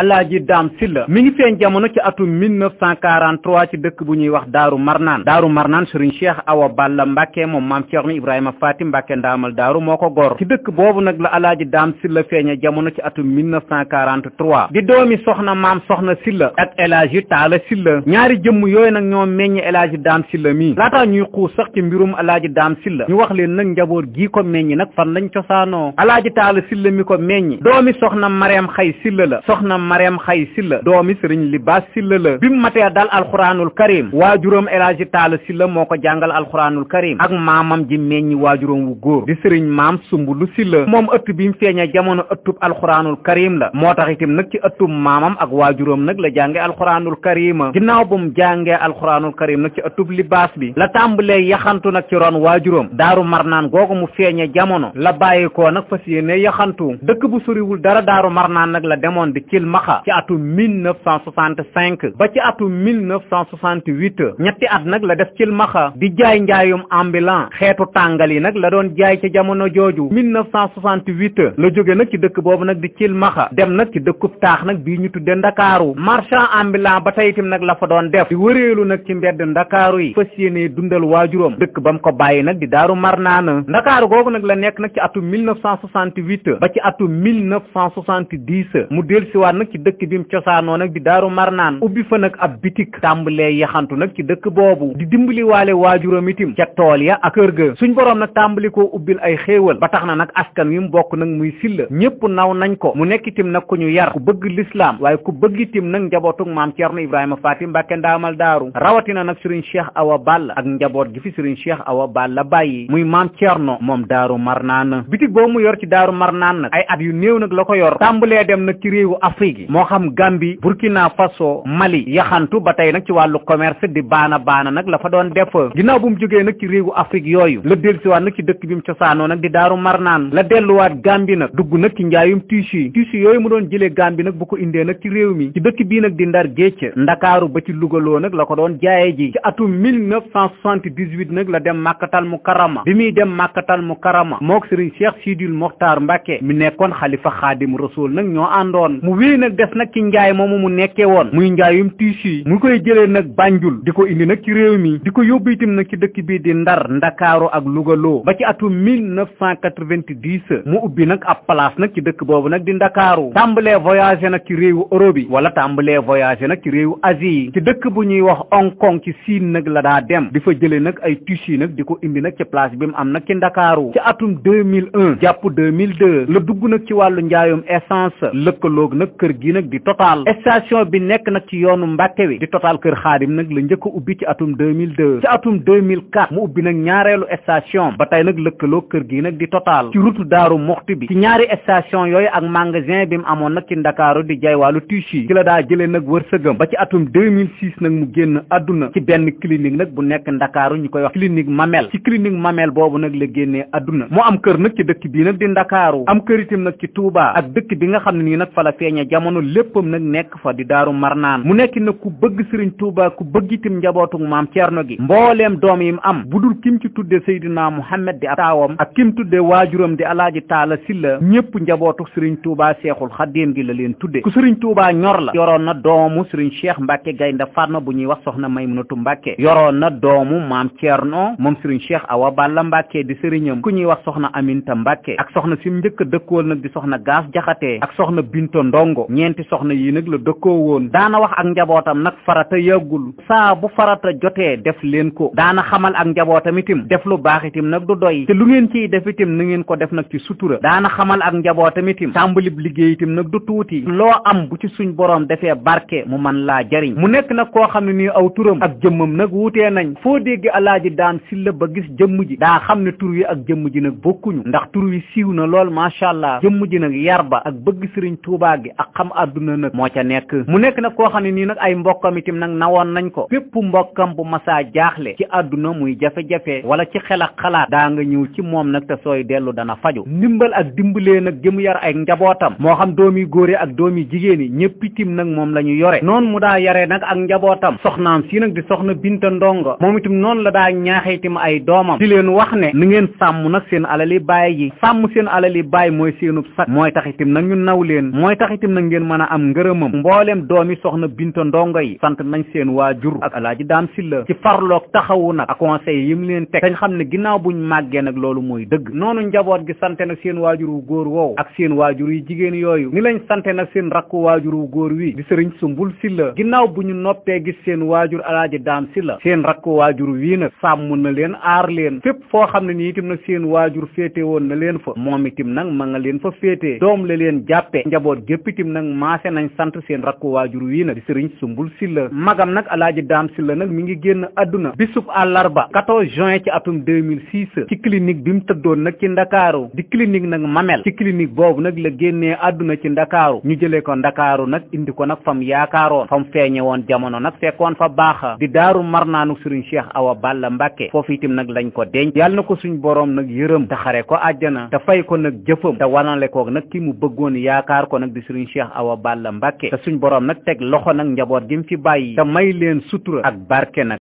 alaaji daam silla mi ngi feeñ jamono ci atum 1943 ci dëkk bu ñuy wax daaru marnaan daaru marnaan sëriñ cheikh awa balla mbàkke moom maam cheikh ibrahima faati mbàkke ndaamal daaru moo ko gor ci dëkk boobu nag la alaaji daam silla feeñe jamono ci atum 1943 di doomi soxna maam soxna silla ak elaaji taala silla ñaari jëmm yooyu nag ñoo meññe elaaji daam silla mii laataa ñuy xuus sax ci mbirum alaaji daam silla ñu nag njaboot gii ko meññi nag fan lañ cosaanoo alaaji taala silla mi ko meññi doomi soxna mareem xay silla la Mariam Xay Silla doomi sëriñ Libaas Silla la bi mu matee dal alxuraanul karim waajuram El Hadji Taala Silla moo ko jàngal alxuraanul karim ak maamam ji meññi wu góor di sëriñ maam Sumbulu Silla moom ëtt bi mu feeñee ëttub alxuraanul karim la moo tax itam nag ci ëttub maamam ak waajuram nag la jànge alxuraanul karima ginnaaw bu mu jàngee alxuraanul karim nag ci ëttub Libaas bi la tàmbalee yaxantu nag ci ron waajuram daaru marnaan googu mu feeñee jamono la bàyyi ko nag fas yéene yaxantu dëkk bu soriwul dara daaru marnaan nag la maxa ci atum 1965 ba ci atum ñetti at nag la def ci maxa di jaay njaayum ambulant xeetu tàngal yi nag la doon jaay ca jamono jooju 1968 la jóge nag ci dëkk boobu nag di cil maxa dem nag ci dëkkub taax nag bi ñu tudde ndakaaru marchand ambulant ba tey nag la fa doon def di wëreelu nag ci mbedd ndakaaru yi fas yéenee dundal waajuram dëkk ba mu ko bàyyi nag di daaru mar naana ndakaaru googu nag la nekk nag ci atum ba ci atum mu dellusiwaat nag ci dëkk bi mu cosaanoo nag di daaru marnaan ubbi fa nag ab bitik tàmbalee yaxantu nag ci dëkk boobu di dimbali waale waajuram itim ca tool ya ak kër ga suñ boroom nag tàmbali koo ubbil ay xéewal ba tax na nag askan wi mu bokk nag muy silla ñépp naw nañ ko mu nekk itim nag ku ñu yar ku bëgg lislaam waaye ku bëgg itim nag njabootug maam Ceerno Ibrahima Faati Mbàkke ndaamal daaru rawatina nag sëriñ Cheikh Awa Balla ak njaboot gi fi sëriñ Cheikh Awa Balla bàyyi muy maam Ceerno moom daaru marnaan bitik léegi moo xam Gambie Burkina Faso Mali yaxantu ba tey nag ci wàllu commerce di baana baana nag la fa doon def ginnaaw bu mu jógee nag ci réewu Afrique yooyu la dellusiwaat nag ci dëkk bi mu cosaanoo nag di daaru marnaan la delluwaat Gambie nag dugg nag ci njaayum tissu tissu yooyu mu doon jëlee Gambie nag bu ko indee nag ci réew mi ci dëkk bii nag di Ndar Géej Ndakaaru ba ci Lugaloo nag la ko doon jaaye ji ci atum 1978 nag la dem Màkkatal Mukarrama bi m dem Màkkatal Mukarrama mook Serigne Cheikh Sidil Mokhtar Mbacke mi nekkoon xalifa Xaadim Rasul nag ñoo àndoon mu nag des nag ci njaay moomu mu nekkee woon muy njaayum tissu yi mu koy jëlee nag Banjul di ko indi nag ci réew mi di ko yóbbu itam nag ci dëkk bii di Ndar Ndakaaru ak Louga loo ba ci atum 1990 mu ubbi nag a place nag ci dëkk boobu nag di Ndakaaru tàmbalee voyager nag ci réewu Europe yi wala tàmbalee voyager nag ci réewu Asie yi ci dëkk bu ñuy wax Hong Kong ci Siin nag la daa dem di fa jëlee nag ay tissu yi di ko indi nag ci place bi mu am nag ci Ndakaaru ci atum 2001 jàpp 2002 la dugg nag ci wàllu njaayum essence lëkkaloog nag kër kër gi nag di total station bi nekk nag ci yoonu Mbàkke di total kër xaadim nag la njëkk a ubbi ci atum 2002 ci atum 2004 mu ubbi nag ñaareelu station ba tey nag lëkkaloo kër gi nag di total ci rutu daaru moxti bi ci ñaari station yooyu ak magasin bi mu amoon nag ci ndakaaru di jaywaalu tissu ci la daa jëlee nag wërsëgam ba ci atum 2006 nag mu génn àdduna ci benn clinique nag bu nekk ndakaaru ñu koy wax clinique jamono léppam nag nekk fa di daaru marnaan mu nekk nag ku bëgg sëriñ tuuba ku bëgg itam njabootuk maam ceerno gi mbooleem doom yim am bu dul kim ci tudde seydina muhammad di ab ak kim tudde waajuram di alaaji taala si la ñépp njabootuk sëriñ tuuba seexul xaddiim gi la leen tudde ku sëriñ tuuba ñor la yoroon na doomu sëriñ cheikh mbakke gaynde fatma bu ñuy wax soxna maymunatu mbàkke yoroon na doomu maam ceerno moom sëriñ cheikh awa balla mbàkke di sëriñam ku ñuy wax soxna aminta mbàkke ak soxna sim njëkk dëkkool nag di soxna gaas jaxate ak soxna binto ko ñeenti soxna yi nag la dëkkoo woon daana wax ak njabootam nag farata yàggul saa bu farata jotee def leen ko daana xamal ak njabootam itim def lu baax itim nag du doy te lu ngeen ciy def itim na ngeen ko def nag ci sutura daana xamal ak njabootam itim tàmbalib liggéey itim nag du tuuti loo am bu ci suñ boroom defee barke mu man laa jariñ mu nekk nag koo xam ne nii aw turam ak jëmmam nag wute nañ foo dégg alaaji daan silla ba gis jëmm ji daa xam ne tur yi ak jëmm ji nag bokkuñu ndax tur yi siiw ak xam àdduna nag moo ca nekk mu nekk nag koo xam ne nii nag ay mbokkam itam nag nawoon nañ ko fépp mbokkam bu masaa jaaxle ci àdduna muy jafe-jafe wala ci xel ak nga ñëw ci moom nag sooy dellu dana faju ndimbal ak dimbalee nag jëmu yar ay njabootam moo xam doomi góor yi ak doomi jigéen yi ñëpp itim nag moom la ñu yore noonu mu daa yaree nag ak njabootam soxnaam si nag di soxna binta ndongo moom itam noonu la daa ñaaxe itam ay doomam leen wax ne ni ngeen sàmm nag seen alali baay yi sàmm seen alali baay mooy seenub mooy tax itam nag naw leen nag ngeen mën a am ngërëmam mboolem doomi soxna binta ndongo yi sant nañ seen waajur alaaji daam silla ne ginnaaw buñ màggee nag loolu mooy dëgg gi sante nag seen waajur wu góor woow ak seen waajur yu jigéen yooyu ni lañ sante nag seen rakku waajur wu góor wi di sëriñ sumbul bu ñu noppee seen waajur alaaji daam silla seen rakku waajur wii nag sàmm na leen aar leen fépp foo xam ne ni itam nag seen waajur féete woon na leen fa moom itam nag ma nga leen fa féetee doom la leen jàppee njaboot gépp itam ñoom nag maase nañ sant seen rakku waajur wii nag di sëriñ sumbul silla magam nag alaaji daam silla nag mi ngi génn àdduna bisub àllarba 14 juin ci atum 2006 ci clinique bi mu tëddoon nag ci ndakaaru di clinique nag mamel ci clinique boobu nag la génnee àdduna ci ndakaaru ñu jëlee ko ndakaaru nag indi ko nag fam yaakaaroon fam feeñe woon jamono nag fekkoon fa baaxa di daaru marnaanu sëriñ cheikh awa balla mbàkke foofu itam nag lañ ko denc na ko ko àjjana te fay ko nag jëfam te wanale ko nag ki mu Cheikh Awa Balla Mbacke te suñ borom nag teg loxo nag njaboot gi mu fi bàyyi te may leen sutura ak barke nag